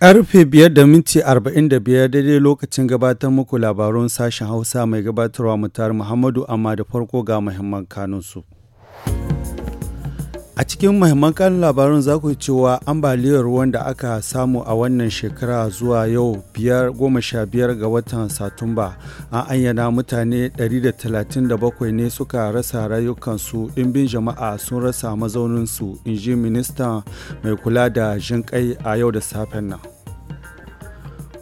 Karfe biyar da minti arba'in da biyar daidai lokacin gabatar muku labarun sashen Hausa mai gabatarwa mutar Muhammadu amma da farko ga muhimman kanunsu. A cikin mahimman kan labarun za ku cewa ambaliyar ruwan da aka samu a wannan shekara zuwa yau biyar goma sha biyar ga watan Satumba an ayyana mutane 137 ne suka rasa rayukansu ɗimbin jama'a sun rasa mazauninsu, in ji ministan mai kula da jinƙai a yau da safen nan.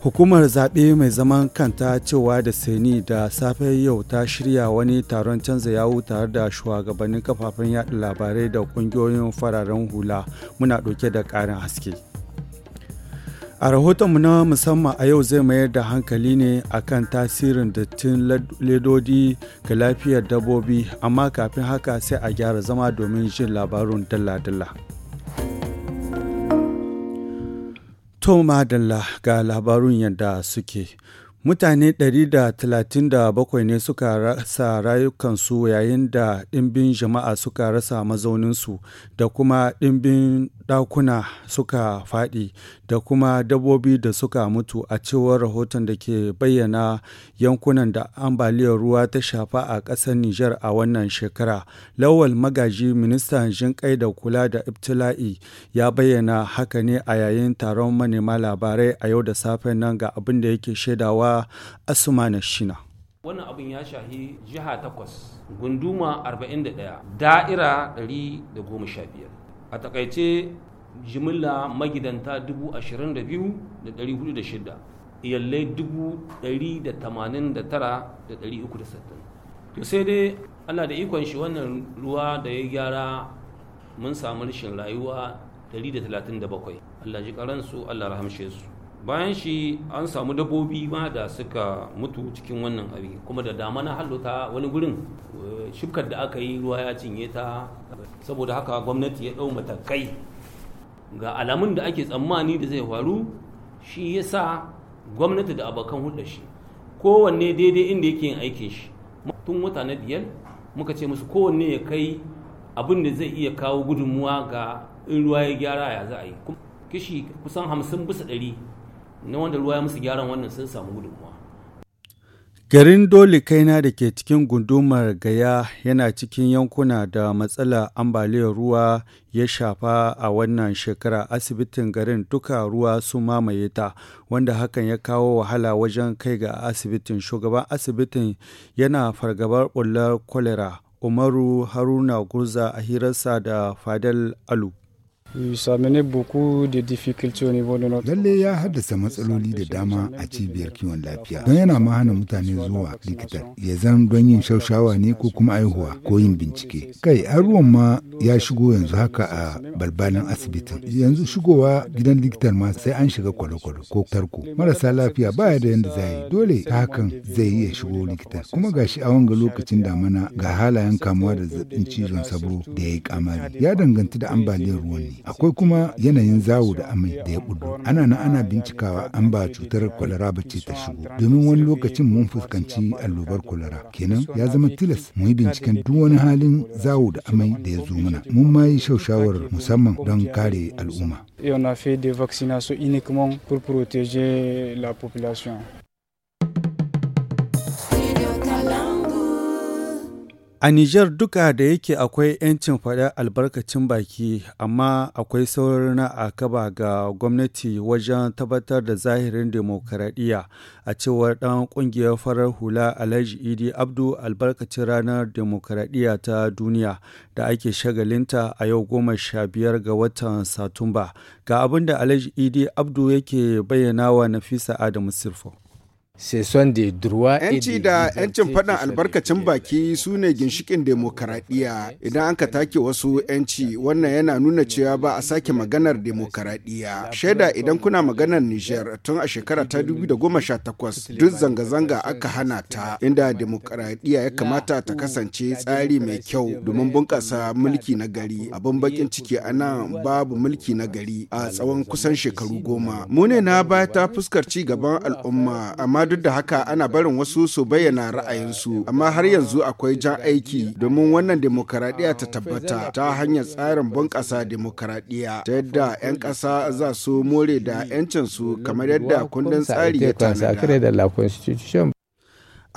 hukumar zaɓe mai zaman kanta cewa da seni da safe yau ta shirya wani taron canza yawu tare da shugabannin kafafen yaɗa labarai da ƙungiyoyin fararen hula muna ɗauke da ƙarin haske a rahotonmu na musamman a yau zai mayar da hankali ne a kan tasirin dattin ledodi ga lafiyar dabbobi amma kafin haka sai a gyara zama domin jin labarun dalla-dalla. To madalla ga labarun yadda suke. Mutane 137 ne suka rasa rayukansu yayin da ɗimbin jama'a suka rasa mazauninsu da kuma ɗimbin ɗakuna suka faɗi da kuma dabbobi da suka mutu a cewar rahoton da ke bayyana yankunan da ambaliyar ruwa ta shafa a ƙasar Nijar a wannan shekara. Lawal Magaji ministan jinƙai da kula da ibtila'i ya bayyana haka ne a yayin taron manema labarai a yau da safen nan ga abin da yake shaidawa Afirka Asumani Shina. Wannan abin ya shahi jiha takwas, gunduma 41, da'ira 115. A takaice jimilla magidanta 22,406, iyalai 189,360. To sai dai ana da ikon shi wannan ruwa da ya gyara mun samu rashin rayuwa 137 Allah ji karansu Allah rahamshe su bayan shi an samu dabbobi ma da suka mutu cikin wannan abin kuma da dama na halota wani gurin eh, shukar da aka yi ruwa ya cinye ta saboda haka gwamnati ya ɗau matakai ga alamun da ake tsammani da zai faru shi ya sa gwamnati da abokan hulɗa shi kowanne daidai inda yake yin aikin shi tun wata na biyar muka ce musu kowanne ya kai abin da zai iya kawo gudunmuwa ga in ruwa ya gyara ya za a yi kishi kusan hamsin bisa ɗari na wanda ruwa ya musu gyaran wannan sun samu gudunmuwa garin dole kaina da ke cikin gundumar gaya yana cikin yankuna da matsala ambaliyar ruwa ya shafa a wannan shekara asibitin garin duka ruwa su mamaye ta wanda hakan ya kawo wahala wajen kai ga asibitin shugaban asibitin yana fargabar bullar kwalera umaru haruna gurza a hirarsa da fadal alu Lalle ya haddasa matsaloli da dama a cibiyar kiwon lafiya don yana ma hana mutane zuwa likita. ya zan don yin shaushawa ne ko kuma aihuwa ko yin bincike. Kai ruwan ma ya shigo yanzu haka a balbalin asibitin. Yanzu shigowa gidan likitar ma sai an shiga kwalokwalo ko tarko. Marasa lafiya ba ya da yanda za yi dole ta hakan zai iya shigo likitar. Kuma gashi a wanga lokacin damana ga halayen kamuwa da zazzabin cizon sabo da ya yi kamari. Ya danganci da ambaliyar ruwan ne. akwai kuma yanayin zawo da amai da ya budu ana na ana bincikawa an ba cutar kwalara ba ce ta shigo domin wani lokacin mun fuskanci allobar kwalara kenan ya zama tilas mu yi binciken duk wani halin zawo da amai da ya zo mana mun ma yi shawarar musamman don kare al'umma. la A Nijar duka da yake akwai 'yancin faɗar albarkacin baki, amma akwai saurin na akaba ga gwamnati wajen tabbatar da zahirin demokaradiyya a cewar ɗan ƙungiyar farar hula Alhaji Idi Abdu albarkacin ranar demokaradiyya ta duniya da ake shagalinta a yau goma sha biyar ga watan Satumba. Ga abin da Alhaji Idi Abdu yake bayyana wa Nafisa Adamu Sirfo. Yanci da yancin faɗin albarkacin baki su ne ginshikin demokaradiyya idan an ka take wasu yanci wannan yana nuna cewa ba a sake maganar demokaradiyya. Shaida idan kuna maganar niger tun a shekara ta 2018 duk zanga-zanga aka hana ta inda demokaradiyya ya kamata ta kasance tsari mai kyau domin bunƙasa mulki na gari. Abin bakin ciki a nan babu mulki na gari a tsawon kusan shekaru goma. Mu ne baya ta fuskar ci gaban al'umma amma duk da haka ana barin wasu su bayyana ra'ayinsu amma har yanzu akwai jan aiki domin wannan demokaradiyya ta tabbata ta hanyar tsarin bunƙasa demokaradiyya ta yadda 'yan ƙasa za su more da 'yancinsu kamar yadda kundin tsari ya tanada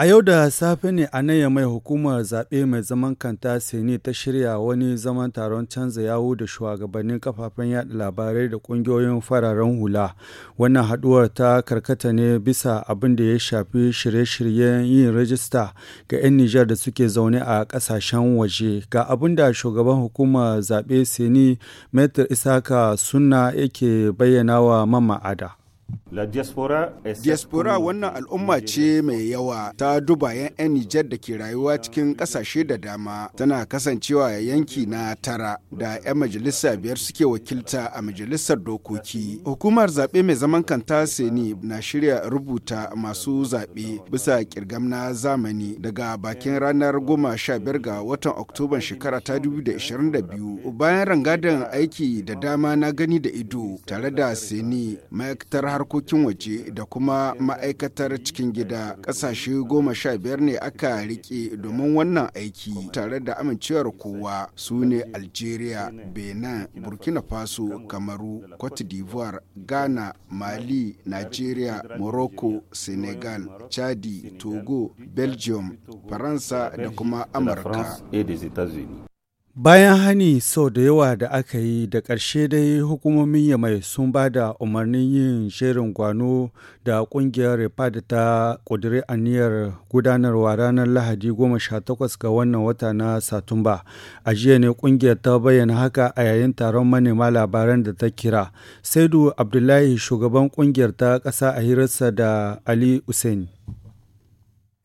A yau da safe ne a nan mai hukumar zaɓe mai zaman kanta Sini ta shirya wani zaman taron canza yawo da shugabannin kafafen yaɗa labarai da ƙungiyoyin fararen hula. Wannan haɗuwar ta karkata ne bisa abin da ya shafi shirye-shiryen yin rajista ga 'yan Nijar da suke zaune a ƙasashen waje. Ga abin da shugaban hukumar zaɓe Sini Metro Isaka suna yake bayyana wa ma'ada La diaspora, diaspora wannan al'umma ce mai yawa ta dubayen 'yan Nijar da ke rayuwa cikin ƙasashe da dama tana kasancewa yanki na tara da 'yan majalisa biyar suke wakilta a majalisar dokoki. Hukumar zaɓe mai zaman kanta Seni na shirya rubuta masu zaɓe bisa kirgam na zamani daga bakin ranar goma sha biyar ga watan Oktoban shekara ta 2022 bayan rangadin aiki da dama na gani da ido tare da Seni ma'aikatar harkokin harkokin waje da kuma ma'aikatar cikin gida ƙasashe goma sha biyar ne aka riƙe domin wannan aiki tare da amincewar kowa su ne algeria benin burkina faso kamaru cote d'ivoire ghana mali nigeria morocco senegal chadi togo belgium faransa da kuma amurka Bayan hani sau da yawa da aka yi, da ƙarshe dai hukumomin Yamai sun ba da umarnin yin shirin gwano da ƙungiyar REPAD ta ƙudiri aniyar gudanarwa ranar Lahadi 18 ga wannan wata na Satumba. A jiya ne ƙungiyar ta bayyana haka a yayin taron manema labaran da ta kira. Saidu Abdullahi shugaban ƙungiyar ta ƙasa a hirarsa da Ali Hussein.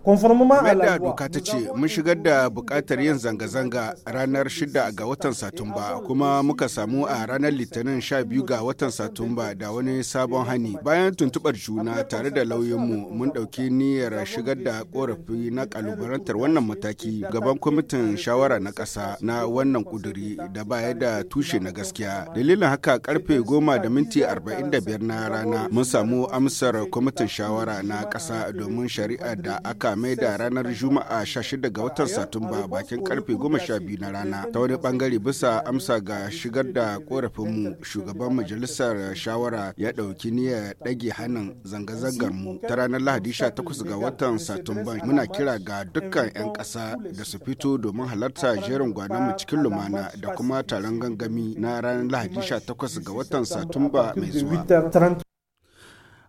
kamar da doka ta ce mun shigar da bukatar yin zanga-zanga ranar 6 ga watan satumba kuma muka samu a ranar litinin 12 ga watan satumba da wani sabon hani bayan tuntubar juna tare da lauyinmu mun ɗauki niyyar shigar da korafi na kalubarantar wannan mataki gaban kwamitin shawara na ƙasa na wannan kuduri da baya da tushe na gaskiya dalilin haka karfe 10 da minti 45 na rana mun samu amsar kwamitin shawara na ƙasa domin shari'a da aka mai da ranar Juma'a 16 ga watan Satumba bakin karfe 12 na rana. Ta wani bangare bisa amsa ga shigar da korafinmu shugaban majalisar shawara ya dauki niyyar dage hannun zanga-zangar mu ta ranar Lahadi 18 ga watan Satumba. Muna kira ga dukkan 'yan kasa da su fito domin halarta jerin mu cikin lumana da kuma taron gangami na ranar Lahadi 18 ga watan Satumba mai zuwa.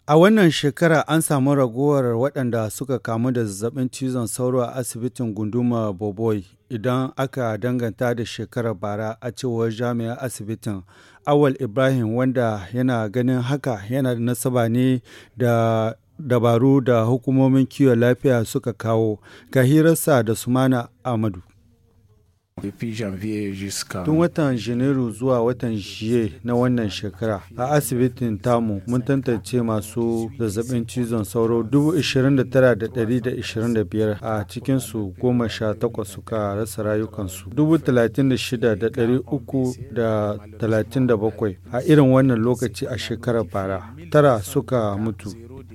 A wannan shekara an samu ragowar waɗanda suka kamu da zazzabin cizon sauro a asibitin gunduma Boboi idan aka danganta da shekarar bara a cewar jami'ar asibitin. Awal Ibrahim wanda yana ganin haka yana da nasaba ne da dabaru da hukumomin kiwon lafiya suka kawo ga hirarsa da Sumana Amadu. Tun watan Janairu zuwa watan Jiye na wannan shekara a asibitin tamu mun tantance masu zazzabin cizon sauro 29,125 a cikinsu 18 suka rasa rayukansu 36,337 a irin wannan lokaci a shekarar bara tara suka mutu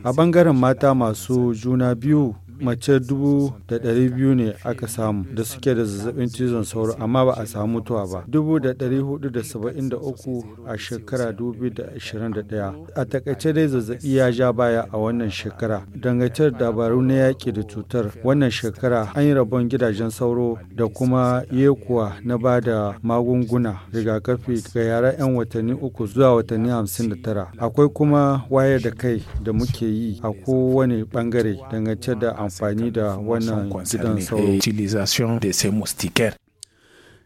a bangaren mata masu juna biyu mace dubu da biyu ne aka samu da suke da zazzabin cizon sauro amma ba a samu mutuwa ba dubu da da da hudu saba'in uku a shekara da da ashirin daya a takaice dai zazzabi ya ja baya a wannan shekara dangantar dabaru na yaƙi da cutar wannan shekara an yi rabon gidajen sauro da kuma yekuwa na ba da magunguna rigakafi ga yara 'yan watanni uku zuwa watanni hamsin da tara akwai kuma wayar da kai da muke yi a kowane bangare dangance da amfani da wannan gidan sauro.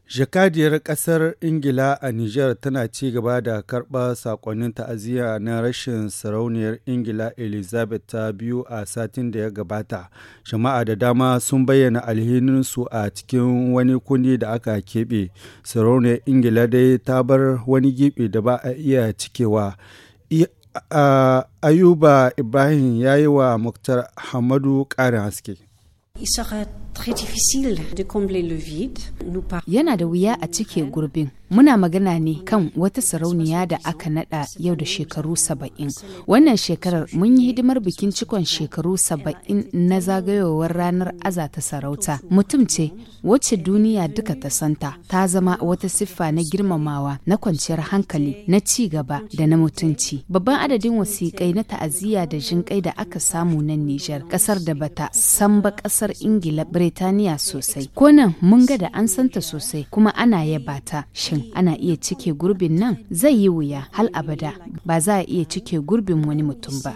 Jakadiyar ƙasar Ingila a Nijar tana ci gaba da karɓa saƙonnin ta'aziyya na rashin sarauniyar Ingila Elizabeth ta biyu a satin da ya gabata. Jama'a da dama sun bayyana alhininsu a cikin wani kundi da aka keɓe. Sarauniyar Ingila dai ta bar wani giɓi da ba a iya cikewa. uh, ayuba ibrahim ya yi wa muktar hamadu ƙarin haske. Yana da wuya a cike gurbin. Muna magana ne kan wata sarauniya da aka nada yau da shekaru saba'in. Wannan shekarar mun yi hidimar bikin cikon shekaru saba'in na zagayowar ranar azata sarauta. Mutum ce wacce duniya duka ta santa ta zama wata siffa na girmamawa na kwanciyar hankali na ci gaba da na mutunci. Babban adadin wasiƙai na ta'aziyya da jinƙai da aka samu nan Nijar, ƙasar da bata san ba ƙasar Ingila Birtaniya sosai. Ko nan mun ga da an santa sosai kuma ana yaba ta. Shin ana iya cike gurbin nan zai yi wuya hal abada ba za a iya cike gurbin wani mutum ba.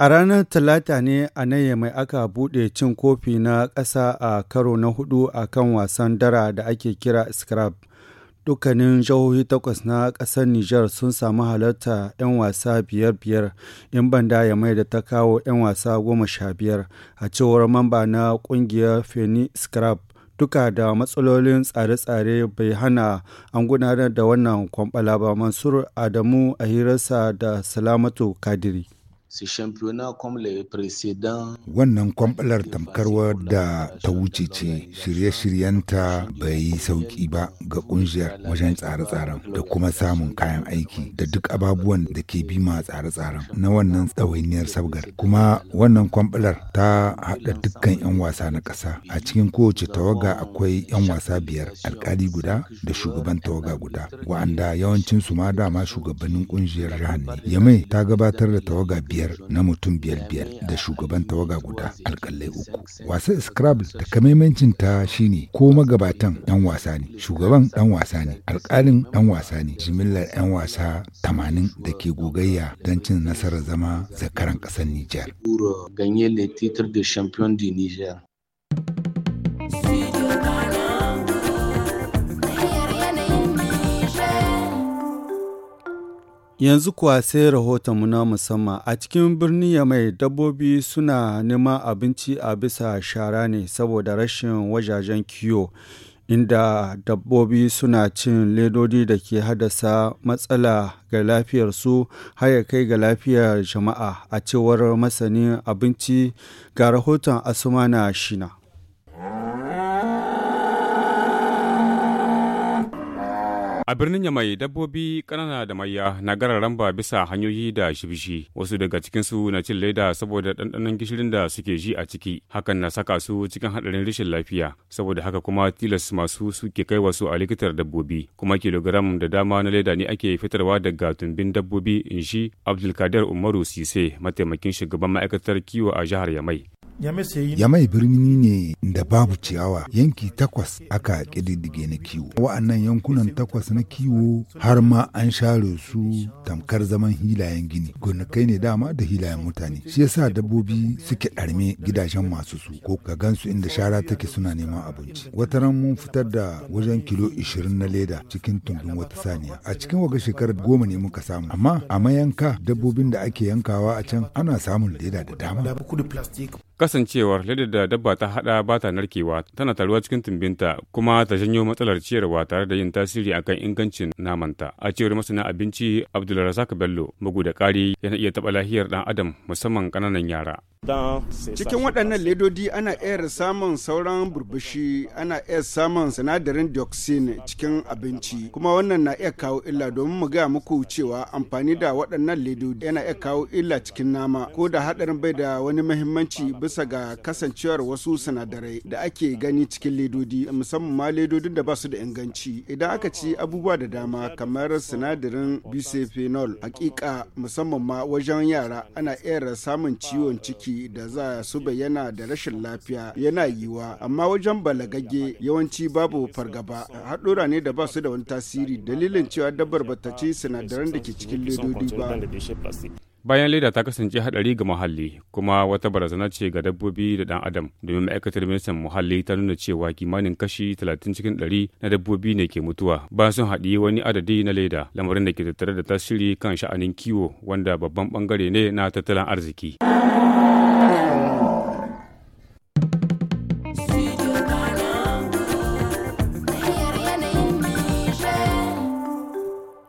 A ranar Talata ne a nan mai aka buɗe cin kofi na ƙasa a karo na hudu a kan wasan dara da ake kira scrap. dukkanin jihohi takwas na ƙasar Nijar sun samu halarta 'yan wasa biyar-biyar in banda ya mai da ta kawo 'yan wasa goma sha biyar a cewar mamba na ƙungiyar Feni Scrap duka da matsalolin tsare-tsare bai hana an gudanar da wannan kwamfala ba Mansur Adamu a hirarsa da Salamatu Kadiri. su Wannan kwambalar tamkar wadda ta wuce ce shirye-shiryenta bai yi sauƙi ba ga ƙungiyar wajen tsare-tsaren da kuma samun kayan aiki da duk ababuwan da ke ma tsare-tsaren na wannan tsawainiyar sabgar. Kuma wannan kwambalar ta haɗa dukkan 'yan wasa na ƙasa. A cikin kowace tawaga akwai 'yan wasa biyar, alkali guda da shugaban tawaga guda, wa'anda su ma dama shugabannin ƙungiyar jihar Yamai ta gabatar da tawaga biyar biyar na mutum biyar biyar da shugaban tawaga guda alkalai uku wasan scrabble da kamaimancin ta shine ko magabatan yan wasa ne shugaban ɗan wasa ne alkalin ɗan wasa ne jimillar yan wasa tamanin da ke gogayya don cin nasarar zama zakaran kasar nijar. Ganye le titre de champion Niger. Yanzu kuwa sai rahotonmu na musamman a cikin birnin Yamai dabbobi suna neman abinci a bisa shara ne saboda rashin wajajen kiwo inda dabbobi suna cin ledodi da ke haddasa matsala ga lafiyarsu har ya kai ga lafiyar jama'a a cewar masanin abinci ga rahoton Asumana Shina. A birnin Yamai dabbobi kanana da mayya na gara ramba bisa hanyoyi da shibishi wasu daga cikinsu na cin leda saboda ɗanɗanon gishirin da suke ji a ciki hakan na saka su cikin haɗarin rashin lafiya saboda haka kuma tilas masu suke kai wasu a likitar dabbobi kuma kilogram da dama na leda ne ake fitarwa daga tumbin dabbobi in shi Abdulkadir Umaru Sise mataimakin shugaban ma'aikatar kiwo a jihar Yamai. Yamai birni ne da babu ciyawa yanki takwas aka kididdige na kiwo. Wa'annan yankunan takwas na kiwo har ma an share su tamkar zaman hilayen gini. Gonakai ne dama da hilayen mutane. Shi yasa dabbobi suke ɗarme gidajen masu su ko ka gansu inda shara take suna neman abinci. Wata ran mun fitar da wajen kilo 20 na leda cikin tundun wata saniya. A cikin waga shekarar goma ne muka samu. Amma a mayanka dabbobin da ake yankawa a can ana samun leda da dama. kasancewar yadda da dabba ta hada ba ta narkewa tana taruwa cikin tumbinta kuma ta janyo matsalar ciyarwa tare da yin tasiri akan ingancin namanta a cewar masana abinci abdulrazak bello mugu da kari yana iya taba lahiyar dan adam musamman kananan yara cikin waɗannan ledodi ana iya samun sauran burbushi ana iya samun sinadarin dioxin cikin abinci kuma wannan na iya kawo illa domin mu gaya muku cewa amfani da waɗannan ledodi yana iya kawo illa cikin nama ko da haɗarin bai da wani muhimmanci bisa ga kasancewar wasu sinadarai da ake gani cikin ledodi musamman ma ledodin da ba su da inganci idan aka ci abubuwa da dama kamar sinadarin bisphenol hakika musamman ma wajen yara ana iya samun ciwon ciki da za su bayyana da rashin lafiya yana yiwa amma wajen balagage yawanci babu fargaba haɗura ne da ba su da wani tasiri dalilin cewa dabbar bata ci sinadaran da ke cikin ledodi ba bayan leda ta kasance hadari ga muhalli kuma wata barazana ce ga dabbobi da dan adam domin ma'aikatar ministan muhalli ta nuna cewa kimanin kashi 30 cikin 100 na dabbobi ne ke mutuwa ba sun haɗi wani adadi na leda lamarin da ke tattare da tasiri kan sha'anin kiwo wanda babban bangare ne na tattalin arziki.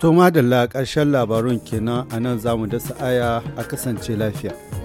To madalla ƙarshen labarun kenan a nan za mu dasa aya a kasance lafiya.